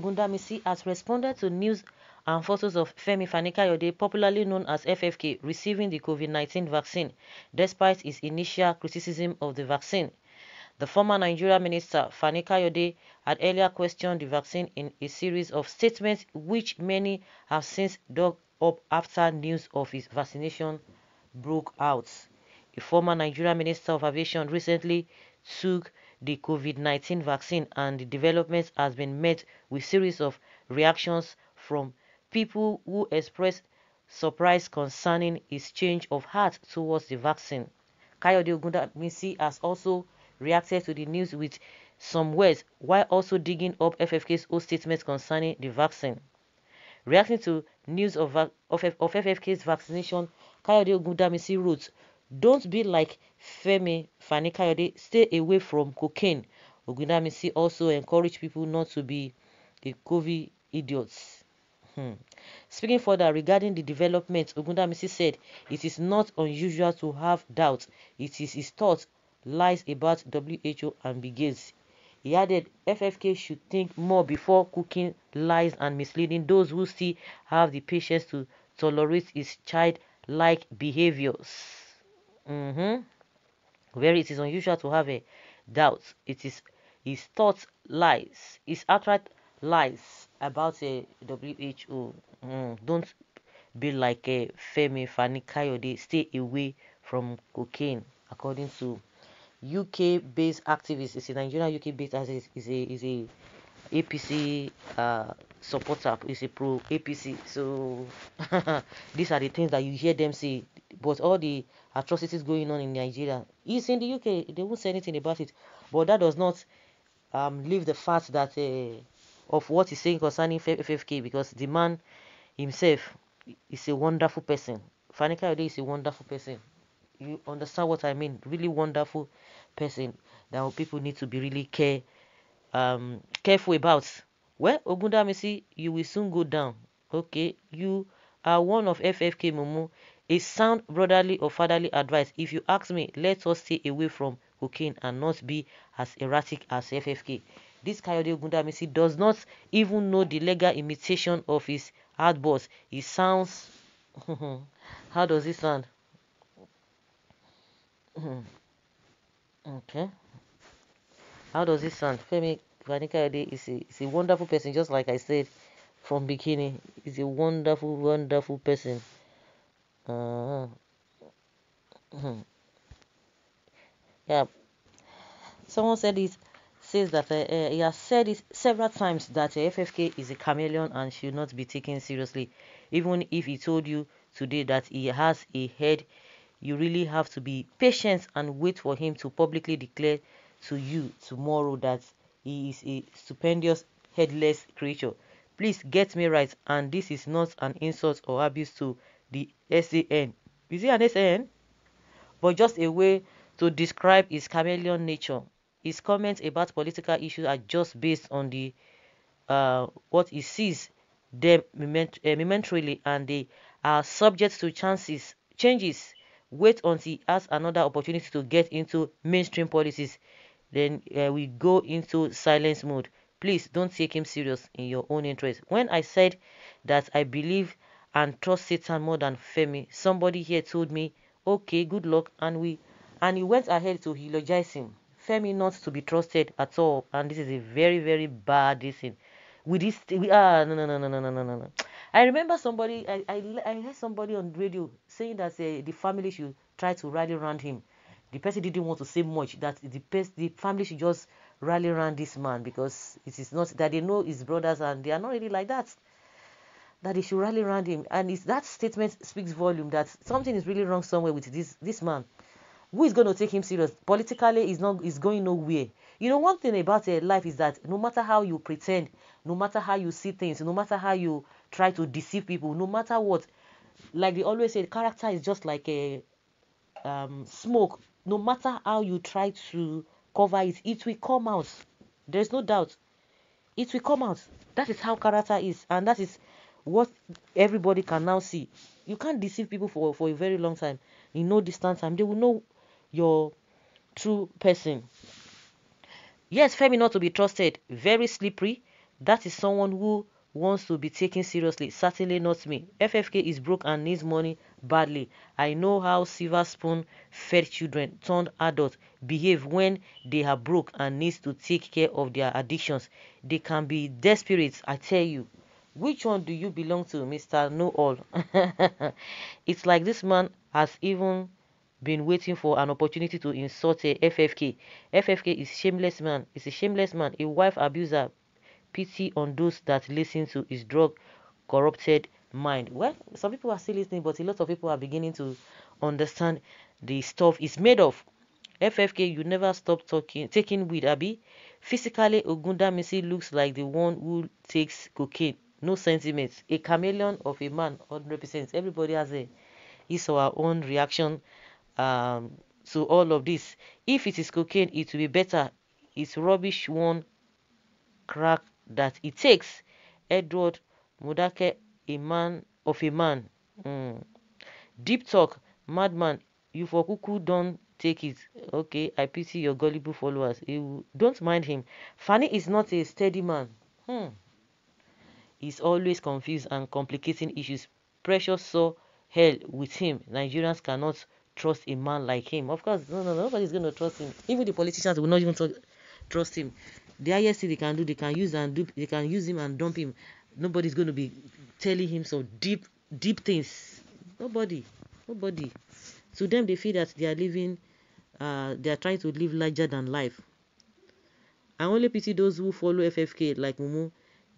Ogundamisi has responded to news and photos of Femi Fanikayode, popularly known as FFK, receiving the COVID-19 vaccine, despite his initial criticism of the vaccine. The former Nigeria minister, Fani-Kayode had earlier questioned the vaccine in a series of statements which many have since dug up after news of his vaccination broke out. A former Nigeria minister of aviation recently took the COVID-19 vaccine and the development has been met with series of reactions from people who expressed surprise concerning his change of heart towards the vaccine. Kayode Ogundamisi has also reacted to the news with some words while also digging up FFK's own statements concerning the vaccine. Reacting to news of, of, of FFK's vaccination, Kayode Ogundamisi wrote, Don't be like Femi Fani Kayode, stay away from cocaine. Ogunamisi also encouraged people not to be the COVID idiots. Hmm. Speaking further regarding the development, Ogundamisi said it is not unusual to have doubts. It is his thoughts, lies about WHO and Bigates. He added FFK should think more before cooking lies and misleading those who still have the patience to tolerate his child-like behaviors. Mm -hmm where it is unusual to have a doubt, it is his thoughts lies, his outright lies about a WHO. Mm, don't be like a Femi Fani Kayode. Stay away from cocaine, according to UK-based activists. It's a Nigerian UK-based activist. Is a is a APC uh, supporter. Is a pro APC. So these are the things that you hear them say but all the atrocities going on in Nigeria is in the UK. They won't say anything about it, but that does not um, leave the fact that uh, of what he's saying concerning FFK because the man himself is a wonderful person. Fani Kayode is a wonderful person. You understand what I mean? Really wonderful person that people need to be really care um, careful about. Well, Ogundamisi, you will soon go down. Okay, you are one of FFK Mumu a sound brotherly or fatherly advice, if you ask me, let us stay away from cocaine and not be as erratic as FFK. This Kayode Gundamisi does not even know the legal imitation of his hard boss. He sounds. how does he sound? okay. How does this sound? Femi Vanikayode is a, is a wonderful person, just like I said from beginning. He's a wonderful, wonderful person. Mm. yeah. Someone said this says that uh, uh he has said it several times that uh, FFK is a chameleon and should not be taken seriously. Even if he told you today that he has a head, you really have to be patient and wait for him to publicly declare to you tomorrow that he is a stupendous headless creature. Please get me right, and this is not an insult or abuse to the SAN. Is it an SAN? But just a way to describe his chameleon nature. His comments about political issues are just based on the uh, what he sees them uh, momentarily, and they are subject to chances changes. Wait until he has another opportunity to get into mainstream policies. Then uh, we go into silence mode. Please don't take him serious in your own interest. When I said that I believe and trust Satan more than Femi. Somebody here told me, okay, good luck, and we and he went ahead to eulogize him. Femi not to be trusted at all, and this is a very, very bad thing. With this, we ah no no no no no no no no. I remember somebody I, I, I heard somebody on radio saying that uh, the family should try to rally around him. The person didn't want to say much that the pers- the family should just rally around this man because it is not that they know his brothers and they are not really like that that he should rally around him. And it's, that statement speaks volume that something is really wrong somewhere with this this man. Who is going to take him serious? Politically, he's not he's going nowhere. You know, one thing about a life is that no matter how you pretend, no matter how you see things, no matter how you try to deceive people, no matter what, like they always say, character is just like a um, smoke. No matter how you try to cover it, it will come out. There's no doubt. It will come out. That is how character is, and that is what everybody can now see. You can't deceive people for, for a very long time. In no distant time, they will know your true person. Yes, Femi not to be trusted, very slippery. That is someone who wants to be taken seriously. Certainly not me. FFK is broke and needs money badly. I know how silver spoon fed children turned adults behave when they are broke and needs to take care of their addictions. They can be desperate, I tell you. Which one do you belong to, Mr. Know All? it's like this man has even been waiting for an opportunity to insult a FFK. FFK is shameless man. It's a shameless man, a wife abuser. Pity on those that listen to his drug corrupted mind. Well, some people are still listening, but a lot of people are beginning to understand the stuff is made of. FFK, you never stop talking, taking weed, Abby. Physically, Ogunda Missy looks like the one who takes cocaine no sentiments. A chameleon of a man represents Everybody has a is our own reaction um, to all of this. If it is cocaine, it will be better. It's rubbish one crack that it takes. Edward Mudake, a man of a man. Mm. Deep talk, madman. You for cuckoo don't take it. Okay, I pity your gullible followers. You don't mind him. Fanny is not a steady man. Hmm is always confused and complicating issues. Precious saw hell with him. Nigerians cannot trust a man like him. Of course, no, no, going to trust him. Even the politicians will not even trust him. The highest they can do, they can use and do, they can use him and dump him. Nobody is going to be telling him so deep, deep things. Nobody, nobody. To them, they feel that they are living, uh, they are trying to live larger than life. I only pity those who follow FFK like Mumu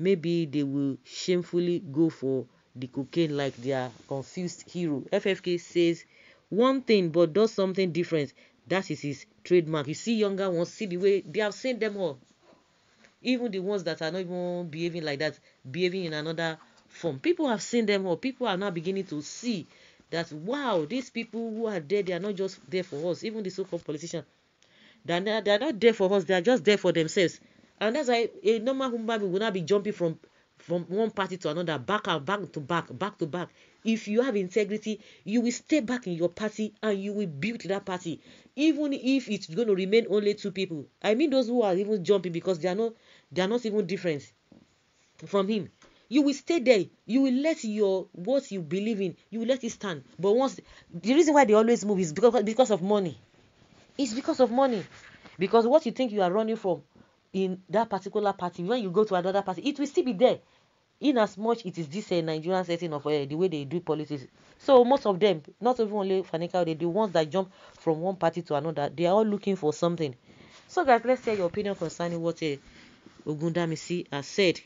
maybe they will shamefully go for the cocaine like their confused hero. FFK says one thing but does something different. That is his trademark. You see younger ones, see the way they have seen them all. Even the ones that are not even behaving like that, behaving in another form. People have seen them all. People are now beginning to see that wow, these people who are there, they are not just there for us. Even the so-called politicians, they are, not, they are not there for us. They are just there for themselves. And that's why a normal human being will not be jumping from from one party to another, back and back to back, back to back. If you have integrity, you will stay back in your party and you will build that party, even if it's going to remain only two people. I mean those who are even jumping because they are not they are not even different from him. You will stay there. You will let your what you believe in, you will let it stand. But once the reason why they always move is because because of money. It's because of money. Because what you think you are running from, in that particular party when you go to another party it will still be there in as much it is this uh, nigerian setting of uh, the way they do politics so most of them not even only fanika they the ones that jump from one party to another they are all looking for something so guys let's hear your opinion concerning what uh, ogundamisi has said